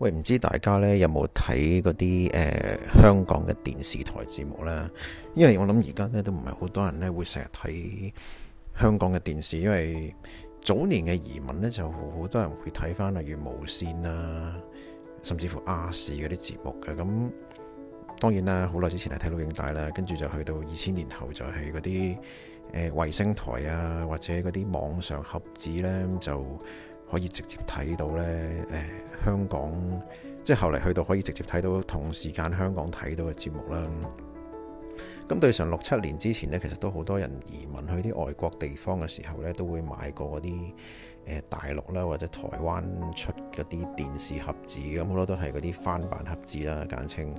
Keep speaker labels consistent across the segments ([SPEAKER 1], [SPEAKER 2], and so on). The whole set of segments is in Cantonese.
[SPEAKER 1] 喂，唔知大家呢有冇睇嗰啲誒香港嘅電視台節目啦，因為我諗而家呢都唔係好多人呢會成日睇香港嘅電視，因為早年嘅移民呢就好多人會睇翻例如無綫啦、啊，甚至乎亞視嗰啲節目嘅。咁當然啦，好耐之前係睇到影帶啦，跟住就去到二千年後就係嗰啲。誒、呃、衛星台啊，或者嗰啲網上盒子呢，就可以直接睇到呢誒、呃、香港，即係後嚟去到可以直接睇到同時間香港睇到嘅節目啦。咁對上六七年之前呢，其實都好多人移民去啲外國地方嘅時候呢，都會買過嗰啲、呃、大陸啦或者台灣出嗰啲電視盒子咁，好多都係嗰啲翻版盒子啦，簡稱。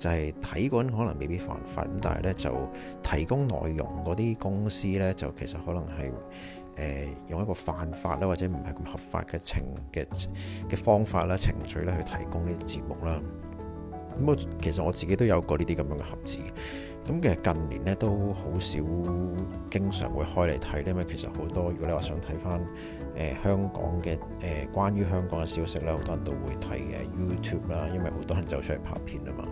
[SPEAKER 1] 就係睇嗰陣可能未必犯法，咁但係咧就提供內容嗰啲公司咧就其實可能係誒、呃、用一個犯法啦，或者唔係咁合法嘅程嘅嘅方法啦、程序咧去提供呢啲節目啦。咁我其實我自己都有過呢啲咁樣嘅盒子。咁其實近年咧都好少經常會開嚟睇，因為其實好多如果你話想睇翻。誒、呃、香港嘅誒、呃、關於香港嘅消息咧，好多人都會睇嘅 YouTube 啦，因為好多人就出嚟拍片啊嘛。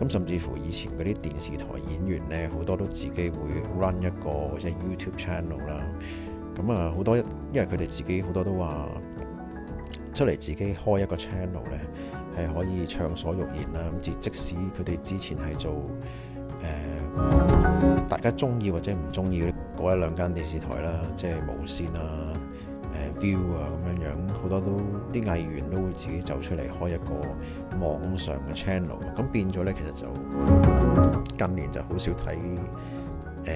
[SPEAKER 1] 咁甚至乎以前嗰啲電視台演員咧，好多都自己會 run 一個即係 YouTube channel 啦。咁啊，好多因為佢哋自己好多都話出嚟自己開一個 channel 咧，係可以暢所欲言啦。咁即即使佢哋之前係做誒、呃、大家中意或者唔中意嗰一兩間電視台啦，即係無線啦、啊。啊咁樣樣，好多都啲藝員都會自己走出嚟開一個網上嘅 channel，咁變咗咧，其實就近年就好少睇誒，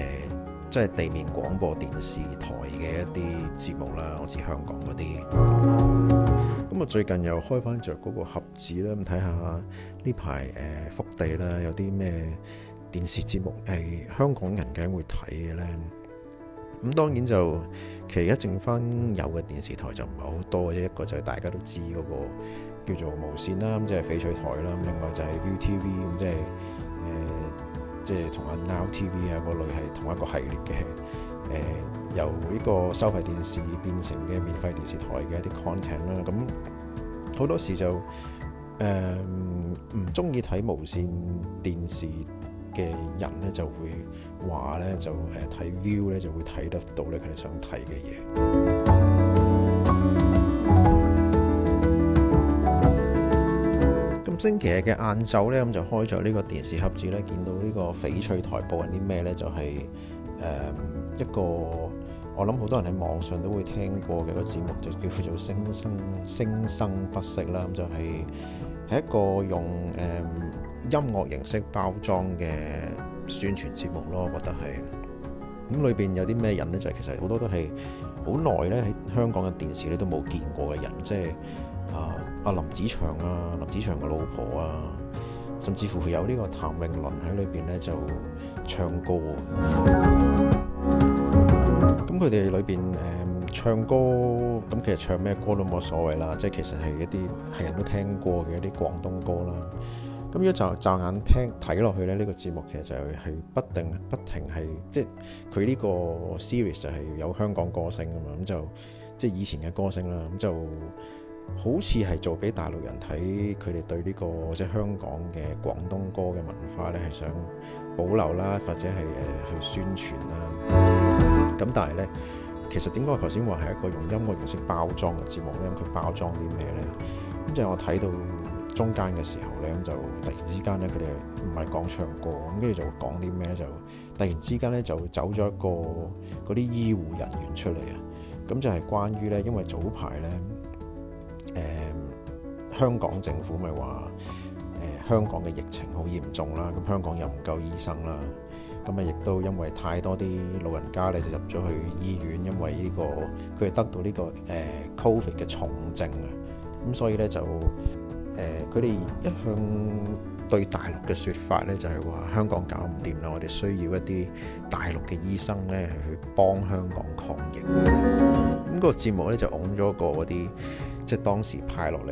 [SPEAKER 1] 即係地面廣播電視台嘅一啲節目啦。好似香港嗰啲，咁啊最近又開翻着嗰個盒子啦，咁睇下呢排誒福地啦，有啲咩電視節目係、呃、香港人梗會睇嘅咧？咁當然就，其實剩翻有嘅電視台就唔係好多嘅啫，一個就係大家都知嗰個叫做無線啦，咁即係翡翠台啦，另外就係 ViuTV 咁即係，誒、呃，即係同阿 Now TV 啊嗰類係同一個系列嘅，誒、呃，由呢個收費電視變成嘅免費電視台嘅一啲 content 啦，咁好多時就誒唔中意睇無線電視嘅人咧，就會話咧，就誒睇 view 咧，就會睇得到咧，佢哋想睇嘅嘢。咁星期日嘅晏晝咧，咁就開咗呢個電視盒子咧，見到呢個翡翠台播緊啲咩咧，就係、係、誒一個我諗好多人喺網上都會聽過嘅個節目，就叫做聲生《聲生不息》啦、就係。咁就係係一個用誒。嗯音樂形式包裝嘅宣傳節目咯，我覺得係咁。裏邊有啲咩人咧，就係其實好多都係好耐咧喺香港嘅電視咧都冇見過嘅人，即係啊啊林子祥啊，林子祥嘅老婆啊，甚至乎有呢個譚詠麟喺裏邊咧就唱歌。咁佢哋裏邊誒唱歌咁，其實唱咩歌都冇所謂啦。即係其實係一啲係人都聽過嘅一啲廣東歌啦。咁如果就驟眼睇落去咧，呢、這個節目其實就係不定，不停係即、就是、係佢呢個 series 就係有香港歌星㗎嘛，咁就即係、就是、以前嘅歌星啦，咁就好似係做俾大陸人睇、這個，佢哋對呢個即係香港嘅廣東歌嘅文化咧係想保留啦，或者係、呃、去宣傳啦。咁但係咧，其實點解我頭先話係一個用音樂形式包裝嘅節目咧？咁佢包裝啲咩咧？咁就係我睇到。中間嘅時候咧，咁就突然之間咧，佢哋唔係講唱歌，咁跟住就講啲咩？就突然之間咧，就走咗一個嗰啲醫護人員出嚟啊！咁就係關於咧，因為早排咧，誒、嗯、香港政府咪話誒香港嘅疫情好嚴重啦，咁香港又唔夠醫生啦，咁啊亦都因為太多啲老人家咧就入咗去醫院，因為呢、呢個佢哋得到呢、呢個誒、呃、Covid 嘅重症啊，咁所以咧就。誒佢哋一向對大陸嘅説法咧，就係、是、話香港搞唔掂啦，我哋需要一啲大陸嘅醫生咧去幫香港抗疫。咁、那個節目咧就揾咗個嗰啲，即係當時派落嚟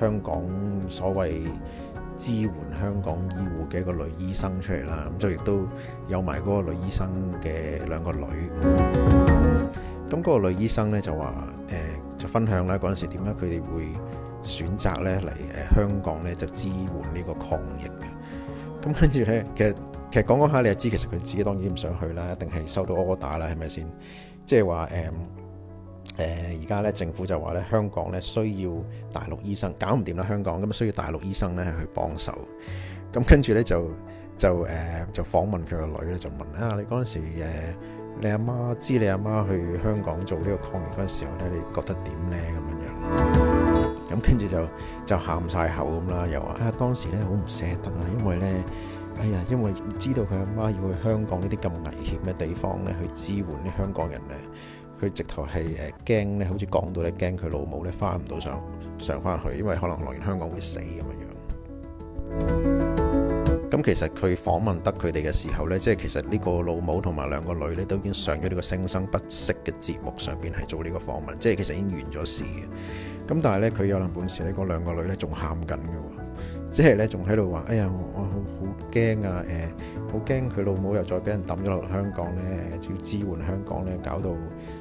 [SPEAKER 1] 誒香港所謂支援香港醫護嘅一個女醫生出嚟啦。咁就亦都有埋嗰個女醫生嘅兩個女。咁、那、嗰個女醫生咧就話誒、呃、就分享啦，嗰陣時點解佢哋會選擇咧嚟誒香港咧就支援呢個抗疫嘅，咁跟住咧其實其實講講下你就知，其實佢自己當然唔想去啦，一定係收到 order 啦，係咪先？即係話誒誒而家咧政府就話咧香港咧需要大陸醫生，搞唔掂啦香港，咁需要大陸醫生咧去幫手。咁跟住咧就就誒就、呃、就訪問佢個女咧，就問啊你嗰陣時誒你阿媽知你阿媽去香港做呢個抗疫嗰陣時候咧，你覺得點咧咁樣樣？咁跟住就就喊晒口咁啦，又話啊當時咧好唔捨得啊，因為咧哎呀，因為知道佢阿媽要去香港呢啲咁危險嘅地方咧，去支援啲香港人咧，佢直頭係誒驚咧，好似講到咧驚佢老母咧翻唔到上上翻去，因為可能來完香港會死咁樣的。咁其實佢訪問得佢哋嘅時候呢，即係其實呢個老母同埋兩個女呢，都已經上咗呢個聲生不息嘅節目上邊係做呢個訪問，即係其實已經完咗事嘅。咁但係呢，佢有兩本事呢，嗰兩個女呢仲喊緊嘅，即係呢仲喺度話：哎呀，我好驚啊！誒、呃，好驚佢老母又再俾人抌咗落香港呢，要支援香港呢，搞到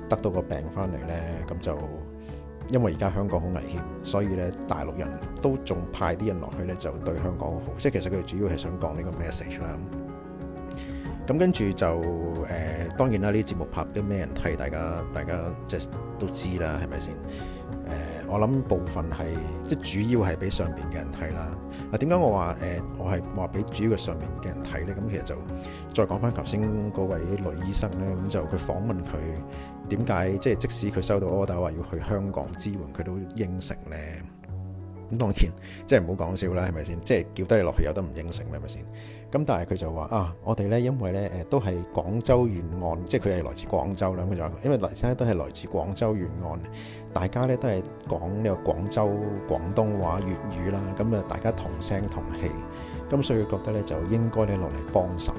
[SPEAKER 1] 得到個病翻嚟呢。」咁就。因為而家香港好危險，所以咧大陸人都仲派啲人落去咧，就對香港好。即係其實佢哋主要係想講呢個 message 啦。咁跟住就誒、呃，當然啦，呢啲節目拍啲咩人替大家，大家即係都知啦，係咪先？我諗部分係即係主要係俾上邊嘅人睇啦。嗱、啊，點解我話誒、呃、我係話俾主要嘅上面嘅人睇咧？咁其實就再講翻頭先嗰位女醫生咧，咁就佢訪問佢點解即係即，即使佢收到 order 話要去香港支援，佢都應承咧。咁當然，即係唔好講笑啦，係咪先？即係叫得你落去有得唔應承，係咪先？咁但係佢就話啊，我哋咧因為咧誒都係廣州沿岸，即係佢係來自廣州兩個字，因為嚟親都係來自廣州沿岸，大家咧都係講呢個廣州廣東話粵語啦，咁啊大家同聲同氣，咁所以佢覺得咧就應該咧落嚟幫手。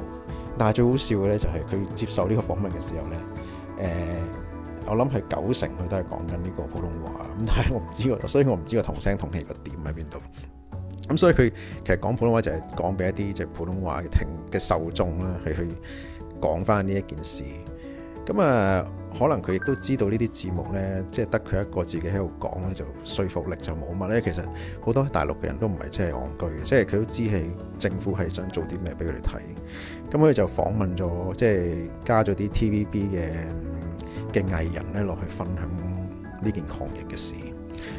[SPEAKER 1] 但係最好笑嘅咧就係佢接受呢個訪問嘅時候咧誒。我諗係九成佢都係講緊呢個普通話，咁但係我唔知個，所以我唔知個同聲同氣個點喺邊度。咁所以佢其實講普通話就係講俾一啲即係普通話嘅聽嘅受眾啦，去去講翻呢一件事。咁啊，可能佢亦都知道呢啲節目咧，即係得佢一個自己喺度講咧，就說服力就冇乜咧。其實好多大陸嘅人都唔係真係戇居嘅，即係佢都知係政府係想做啲咩俾佢哋睇。咁佢就訪問咗，即係加咗啲 TVB 嘅。嘅藝人咧落去分享呢件抗疫嘅事，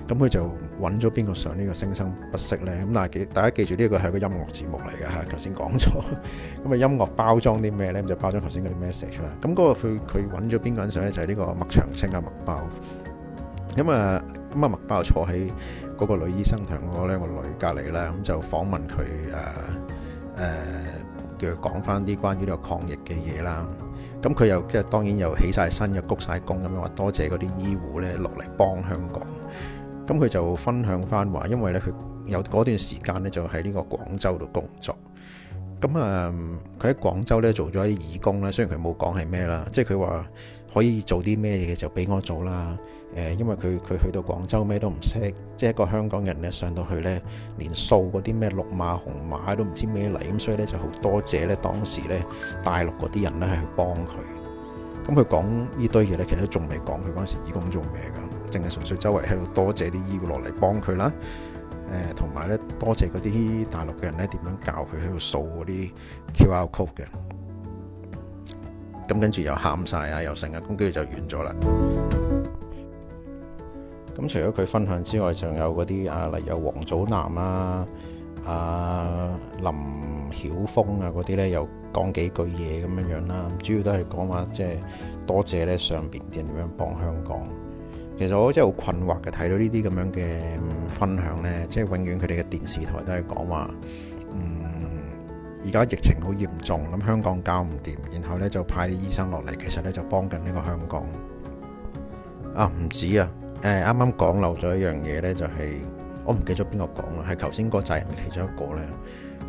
[SPEAKER 1] 咁佢就揾咗邊個上呢個聲聲不息咧？咁但係記大家記住呢個係個音樂節目嚟㗎嚇，頭先講咗。咁啊音樂包裝啲咩咧？咁就包裝頭先嗰啲 message 啦。咁嗰個佢佢揾咗邊個人上咧？就係、是、呢個麥長青啊麥包。咁啊咁啊麥包坐喺嗰個女醫生同嗰咧個女隔籬啦，咁就訪問佢誒誒叫佢講翻啲關於呢個抗疫嘅嘢啦。咁佢又即係當然又起晒身又鞠晒躬咁樣話多謝嗰啲醫護咧落嚟幫香港。咁佢就分享翻話，因為咧佢有嗰段時間咧就喺呢個廣州度工作。咁啊，佢、嗯、喺廣州咧做咗啲義工啦，雖然佢冇講係咩啦，即係佢話。可以做啲咩嘢就俾我做啦，誒，因為佢佢去到廣州咩都唔識，即係一個香港人咧上到去咧，連掃嗰啲咩綠碼紅碼都唔知咩嚟，咁所以咧就好多謝咧當時咧大陸嗰啲人咧去幫佢。咁佢講呢堆嘢咧，其實仲未講佢嗰陣時義工做咩噶，淨係純粹周圍喺度多謝啲醫護落嚟幫佢啦，誒，同埋咧多謝嗰啲大陸嘅人咧點樣教佢喺度掃嗰啲 QR code 嘅。咁跟住又喊曬啊，又成啊，咁跟住就完咗啦。咁除咗佢分享之外，仲有嗰啲啊，例如王祖藍啊、啊林曉峰啊嗰啲咧，又講幾句嘢咁樣樣啦。主要都係講話即係多謝咧上邊啲人點樣幫香港。其實我真係好困惑嘅，睇到呢啲咁樣嘅分享咧，即係永遠佢哋嘅電視台都係講話，嗯。而家疫情好嚴重，咁香港搞唔掂，然後呢，就派啲醫生落嚟，其實呢，就幫緊呢個香港。啊，唔止啊，誒啱啱講漏咗一樣嘢呢，就係、是、我唔記得咗邊個講啦，係頭先嗰仔其中一個呢。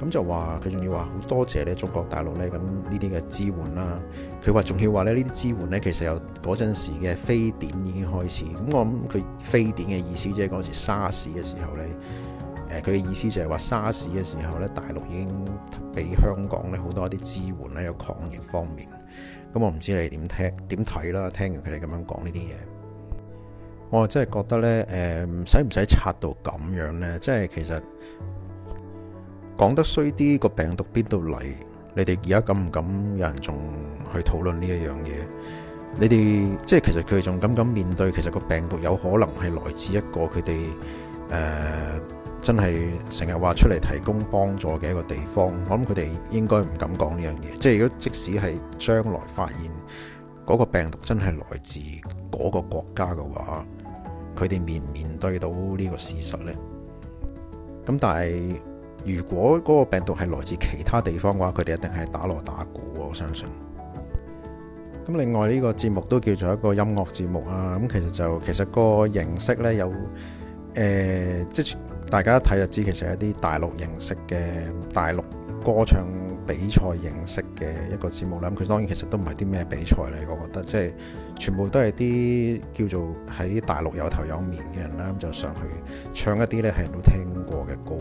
[SPEAKER 1] 咁就話佢仲要話好多謝呢中國大陸呢。咁呢啲嘅支援啦、啊。佢話仲要話呢呢啲支援呢，其實由嗰陣時嘅非典已經開始。咁我諗佢非典嘅意思即係嗰時沙士嘅時候呢。佢、呃、嘅意思就係話沙士嘅時候咧，大陸已經俾香港咧好多一啲支援咧，有抗疫方面。咁、嗯、我唔知你哋點聽點睇啦。聽完佢哋咁樣講呢啲嘢，我真係覺得咧，誒、呃，使唔使拆到咁樣咧？即係其實講得衰啲，個病毒邊度嚟？你哋而家敢唔敢有人仲去討論呢一樣嘢？你哋即係其實佢哋仲敢唔敢面對？其實個病毒有可能係來自一個佢哋誒。呃真係成日話出嚟提供幫助嘅一個地方，我諗佢哋應該唔敢講呢樣嘢。即係如果即使係將來發現嗰個病毒真係來自嗰個國家嘅話，佢哋面面對到呢個事實呢。咁但係如果嗰個病毒係來自其他地方嘅話，佢哋一定係打鑼打鼓，我相信。咁另外呢個節目都叫做一個音樂節目啊，咁其實就其實個形式呢，有、呃、誒即係大家一睇就知，其實係一啲大陸形式嘅大陸歌唱比賽形式嘅一個節目啦。咁佢當然其實都唔係啲咩比賽嚟，我覺得即係全部都係啲叫做喺大陸有頭有面嘅人啦，咁就上去唱一啲咧係人都聽過嘅歌。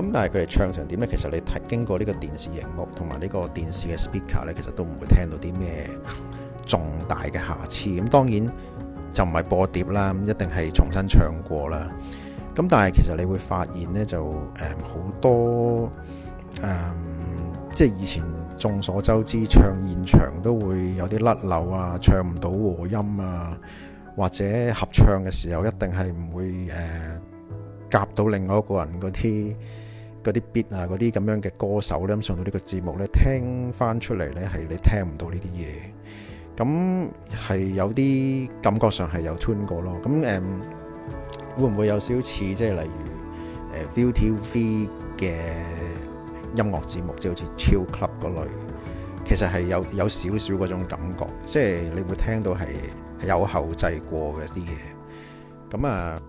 [SPEAKER 1] 咁但係佢哋唱成點咧？其實你睇經過呢個電視熒幕同埋呢個電視嘅 speaker 咧，其實都唔會聽到啲咩重大嘅瑕疵。咁當然就唔係播碟啦，一定係重新唱過啦。咁但係其實你會發現呢，就誒好多誒，即係以前眾所周知唱現場都會有啲甩漏啊，唱唔到和音啊，或者合唱嘅時候一定係唔會誒、嗯、夾到另外一個人嗰啲嗰啲 beat 啊嗰啲咁樣嘅歌手咧，咁上到呢個節目咧，聽翻出嚟呢係你聽唔到呢啲嘢，咁係有啲感覺上係有 tune 過咯，咁誒。嗯會唔會有少似即係例如誒 ViuTV 嘅音樂節目，就好似 Chill Club 嗰類，其實係有有少少嗰種感覺，即係你會聽到係有後製過嘅啲嘢。咁、嗯、啊，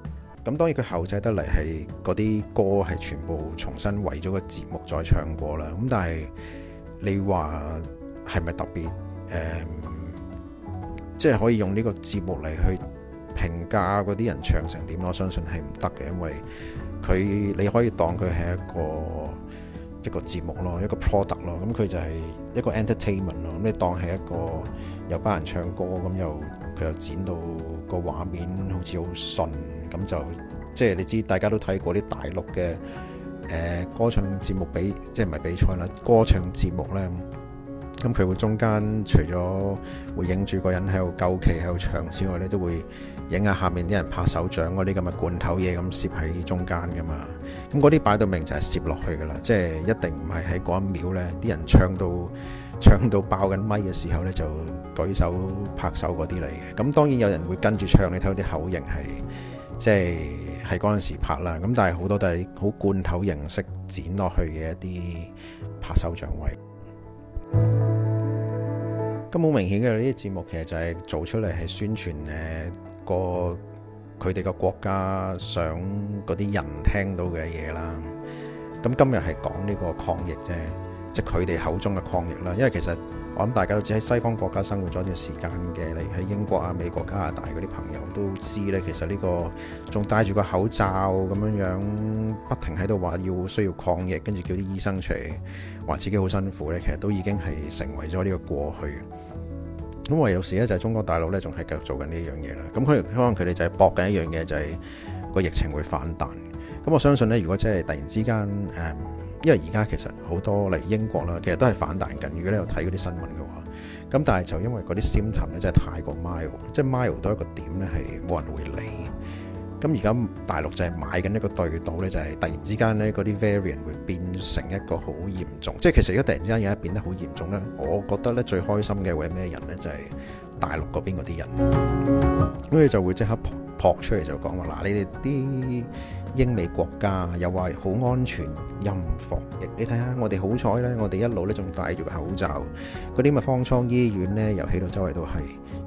[SPEAKER 1] 咁、嗯、當然佢後製得嚟係嗰啲歌係全部重新為咗個節目再唱過啦。咁但係你話係咪特別誒、嗯？即係可以用呢個節目嚟去評價嗰啲人唱成點我相信係唔得嘅，因為佢你可以當佢係一個一個節目咯，一個 product 咯，咁佢就係一個 entertainment 咯，咁你當係一個有班人唱歌咁又佢又剪到個畫面好似好順，咁就即係、就是、你知大家都睇過啲大陸嘅誒、呃、歌唱節目比，即係唔係比賽啦，歌唱節目咧。咁佢會中間除咗會影住個人喺度夠旗喺度唱之外呢，都會影下下面啲人拍手掌嗰啲，咁嘅罐頭嘢咁攝喺中間噶嘛。咁嗰啲擺到明就係攝落去噶啦，即係一定唔係喺嗰一秒呢啲人唱到唱到爆緊咪嘅時候呢，就舉手拍手嗰啲嚟嘅。咁當然有人會跟住唱，你睇啲口型係即係喺嗰陣時拍啦。咁但係好多都係好罐頭形式剪落去嘅一啲拍手掌位。咁好明顯嘅呢啲節目，其實就係做出嚟係宣傳誒個佢哋個國家想嗰啲人聽到嘅嘢啦。咁今日係講呢個抗疫啫，即係佢哋口中嘅抗疫啦。因為其實。我諗大家都知喺西方國家生活咗一段時間嘅，例如喺英國啊、美國、加拿大嗰啲朋友都知咧，其實呢個仲戴住個口罩咁樣樣，不停喺度話要需要抗疫，跟住叫啲醫生出嚟話自己好辛苦咧，其實都已經係成為咗呢個過去。咁我有時咧就係中國大陸咧仲係繼續做緊呢樣嘢啦。咁佢可能佢哋就係搏緊一樣嘢，就係個疫情會反彈。咁我相信咧，如果真係突然之間誒。嗯。因為而家其實好多嚟英國啦，其實都係反彈緊。如果你有睇嗰啲新聞嘅話，咁但係就因為嗰啲 symptom 咧真係太過 mild，即係 mild 到一個點咧係冇人會理。咁而家大陸就係買緊一個對賭咧，就係、是、突然之間咧嗰啲 variant 會變成一個好嚴重。即係其實而家突然之間嘢變得好嚴重咧，我覺得咧最開心嘅會係咩人咧？就係、是、大陸嗰邊嗰啲人，所以就會即刻。撲出嚟就講話，嗱你哋啲英美國家又話好安全，唔防疫。你睇下我哋好彩呢，我哋一路呢仲戴住個口罩，嗰啲咪方艙醫院呢，又起到周圍都係。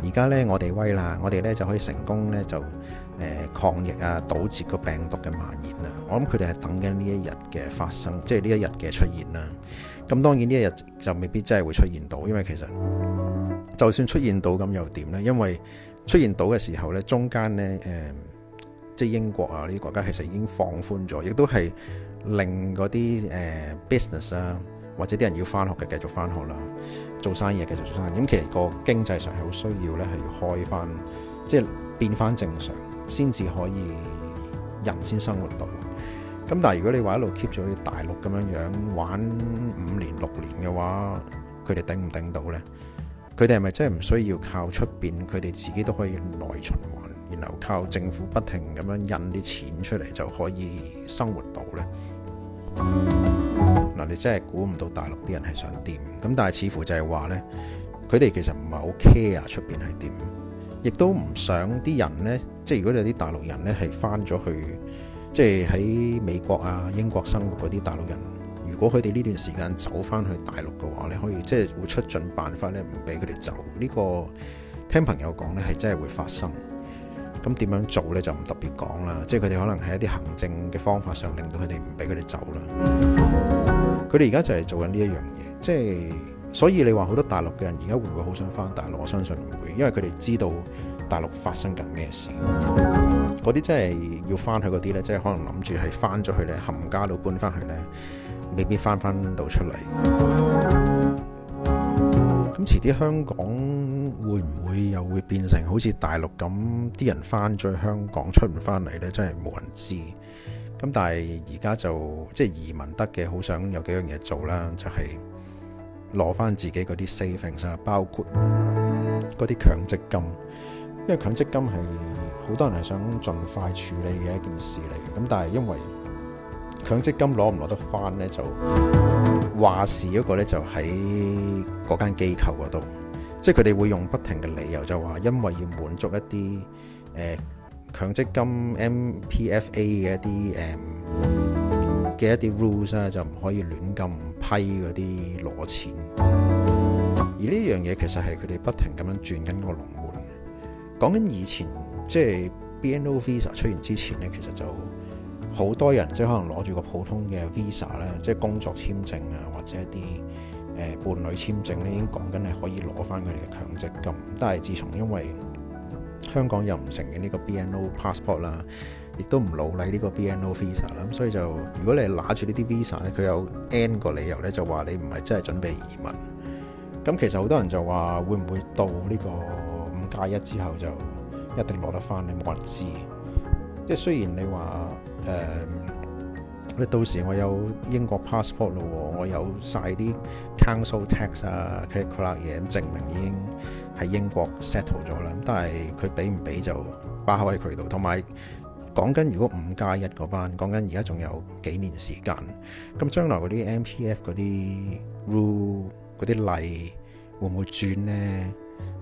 [SPEAKER 1] 而家呢，我哋威啦，我哋呢就可以成功呢，就誒、呃、抗疫啊，堵截個病毒嘅蔓延啦。我諗佢哋係等緊呢一日嘅發生，即係呢一日嘅出現啦。咁當然呢一日就未必真係會出現到，因為其實就算出現到咁又點呢？因為出現到嘅時候咧，中間咧，誒、嗯，即係英國啊呢啲國家其實已經放寬咗，亦都係令嗰啲誒 business 啊，或者啲人要翻學嘅繼續翻學啦，做生意啊繼續做生意。咁、嗯、其實個經濟上係好需要咧，係要開翻，即係變翻正常，先至可以人先生活到。咁、嗯、但係如果你話一路 keep 住大陸咁樣樣玩五年六年嘅話，佢哋頂唔頂到咧？佢哋係咪真係唔需要靠出邊？佢哋自己都可以內循環，然後靠政府不停咁樣印啲錢出嚟就可以生活到呢？嗱，你真係估唔到大陸啲人係想點。咁但係似乎就係話呢，佢哋其實唔係好 care 出邊係點，亦都唔想啲人呢。即係如果有啲大陸人呢，係翻咗去，即係喺美國啊、英國生活嗰啲大陸人。如果佢哋呢段時間走翻去大陸嘅話，呢可以即係、就是、會出盡辦法咧，唔俾佢哋走。呢、這個聽朋友講呢係真係會發生。咁點樣做呢？就唔特別講啦。即係佢哋可能喺一啲行政嘅方法上，令到佢哋唔俾佢哋走啦。佢哋而家就係做緊呢一樣嘢，即、就、係、是、所以你話好多大陸嘅人而家會唔會好想翻大陸？我相信唔會，因為佢哋知道大陸發生緊咩事。嗰啲真係要翻去嗰啲呢，即、就、係、是、可能諗住係翻咗去呢，冚家都搬翻去呢。未必翻翻到出嚟。咁遲啲香港會唔會又會變成好似大陸咁啲人翻咗香港出唔翻嚟呢？真係冇人知。咁但係而家就即係移民得嘅，好想有幾樣嘢做啦，就係攞翻自己嗰啲 savings 啊，包括嗰啲強積金，因為強積金係好多人係想盡快處理嘅一件事嚟。咁但係因為強積金攞唔攞得翻咧，就話事嗰個咧就喺嗰間機構嗰度，即係佢哋會用不停嘅理由就話，因為要滿足一啲誒、呃、強積金 M P F A 嘅一啲誒嘅一啲 rules 咧，就唔可以亂咁批嗰啲攞錢。而呢樣嘢其實係佢哋不停咁樣轉緊個龍門。講緊以前即係、就是、B N O Visa 出現之前咧，其實就。好多人即係可能攞住個普通嘅 visa 啦，即係工作簽證啊，或者一啲誒伴侶簽證咧，已經講緊係可以攞翻佢哋嘅強積金。但係自從因為香港又唔承嘅唔承認呢個 BNO passport 啦，亦都唔努力呢個 BNO visa 啦，咁所以就如果你係拿住呢啲 visa 咧，佢有 n 個理由咧，就話你唔係真係準備移民。咁其實好多人就話會唔會到呢個五加一之後就一定攞得翻咧？冇人知。即係雖然你話誒、呃，到時我有英國 passport 咯，我有晒啲 council tax 啊、credit card 嘢，證明已經喺英國 settle 咗啦。但係佢俾唔俾就巴喺佢度。同埋講緊如果五加一嗰班，講緊而家仲有幾年時間，咁將來嗰啲 M P F 嗰啲 rule 嗰啲例，例會唔會轉咧？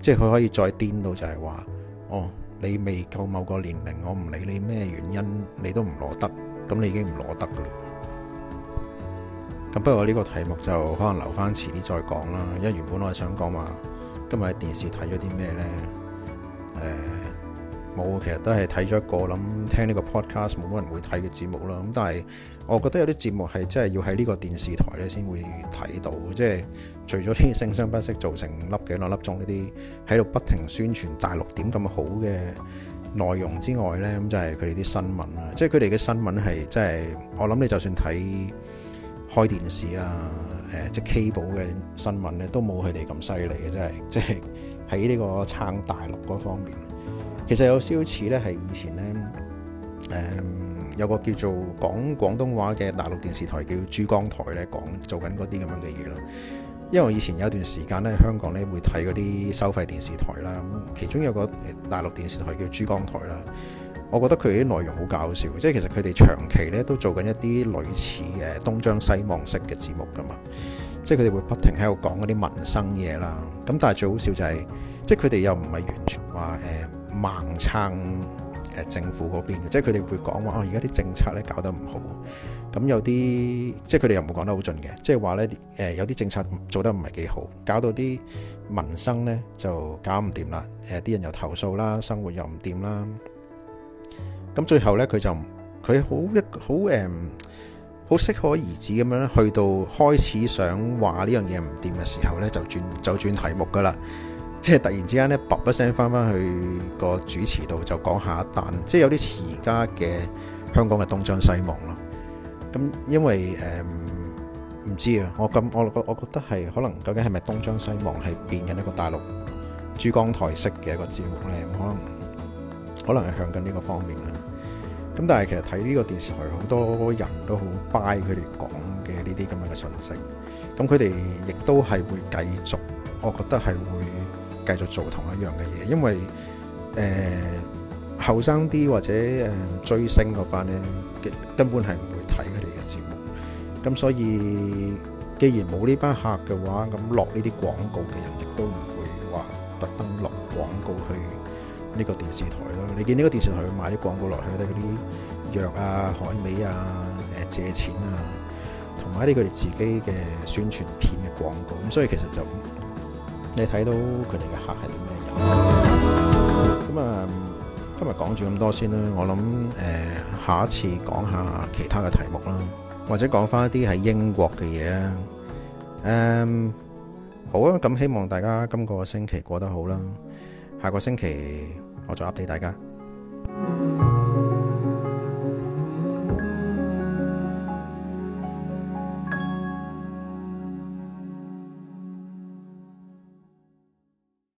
[SPEAKER 1] 即係佢可以再顛到就，就係話哦。你未夠某個年齡，我唔理你咩原因，你都唔攞得，咁你已經唔攞得噶啦。咁不如呢個題目就可能留返遲啲再講啦，因為原本我係想講話今日喺電視睇咗啲咩咧，誒、呃。冇，其實都係睇咗一個諗聽呢個 podcast，冇乜人會睇嘅節目啦。咁但係我覺得有啲節目係真係要喺呢個電視台咧先會睇到，即係除咗啲聲生不息造成粒幾兩粒鐘呢啲喺度不停宣傳大陸點咁好嘅內容之外咧，咁就係佢哋啲新聞啦。即係佢哋嘅新聞係真係我諗你就算睇開電視啊，誒即係 cable 嘅新聞咧，都冇佢哋咁犀利嘅，真係即係喺呢個撐大陸嗰方面。其實有少似咧，係以前咧，誒、嗯、有個叫做講廣東話嘅大陸電視台叫珠江台咧，講做緊嗰啲咁樣嘅嘢咯。因為我以前有一段時間咧，香港咧會睇嗰啲收費電視台啦，其中有一個大陸電視台叫珠江台啦。我覺得佢啲內容好搞笑，即係其實佢哋長期咧都做緊一啲類似誒東張西望式嘅節目噶嘛。即係佢哋會不停喺度講嗰啲民生嘢啦。咁但係最好笑就係，即係佢哋又唔係完全話誒。盲撐誒政府嗰邊嘅，即係佢哋會講話，哦，而家啲政策咧搞得唔好，咁有啲即係佢哋又冇講得好盡嘅，即係話呢誒有啲政策做得唔係幾好，搞到啲民生呢就搞唔掂啦，誒啲人又投訴啦，生活又唔掂啦，咁最後呢佢就佢好一好誒好適可而止咁樣去到開始想話呢樣嘢唔掂嘅時候呢，就轉就轉題目噶啦。即係突然之間咧，卜一聲翻翻去個主持度就講下一單，即係有啲似而家嘅香港嘅東張西望咯。咁因為誒唔、嗯、知啊，我咁我我我覺得係可能究竟係咪東張西望係變緊一個大陸珠江台式嘅一個節目咧？可能可能係向緊呢個方面啦。咁但係其實睇呢個電視台好多人都好 buy 佢哋講嘅呢啲咁樣嘅信息。咁佢哋亦都係會繼續，我覺得係會。繼續做同一樣嘅嘢，因為誒後生啲或者誒追星嗰班咧，根本係唔會睇佢哋嘅節目。咁所以，既然冇呢班客嘅話，咁落呢啲廣告嘅人亦都唔會話特登落廣告去呢個電視台咯。你見呢個電視台去買啲廣告落去咧，嗰啲藥啊、海味啊、誒借錢啊，同埋一啲佢哋自己嘅宣傳片嘅廣告。咁所以其實就～你睇到佢哋嘅客係啲咩人？咁啊，今日講住咁多先啦。我諗誒，下一次講下其他嘅題目啦，或者講翻一啲喺英國嘅嘢啊。嗯，好啊。咁希望大家今個星期過得好啦。下個星期我再 update 大家。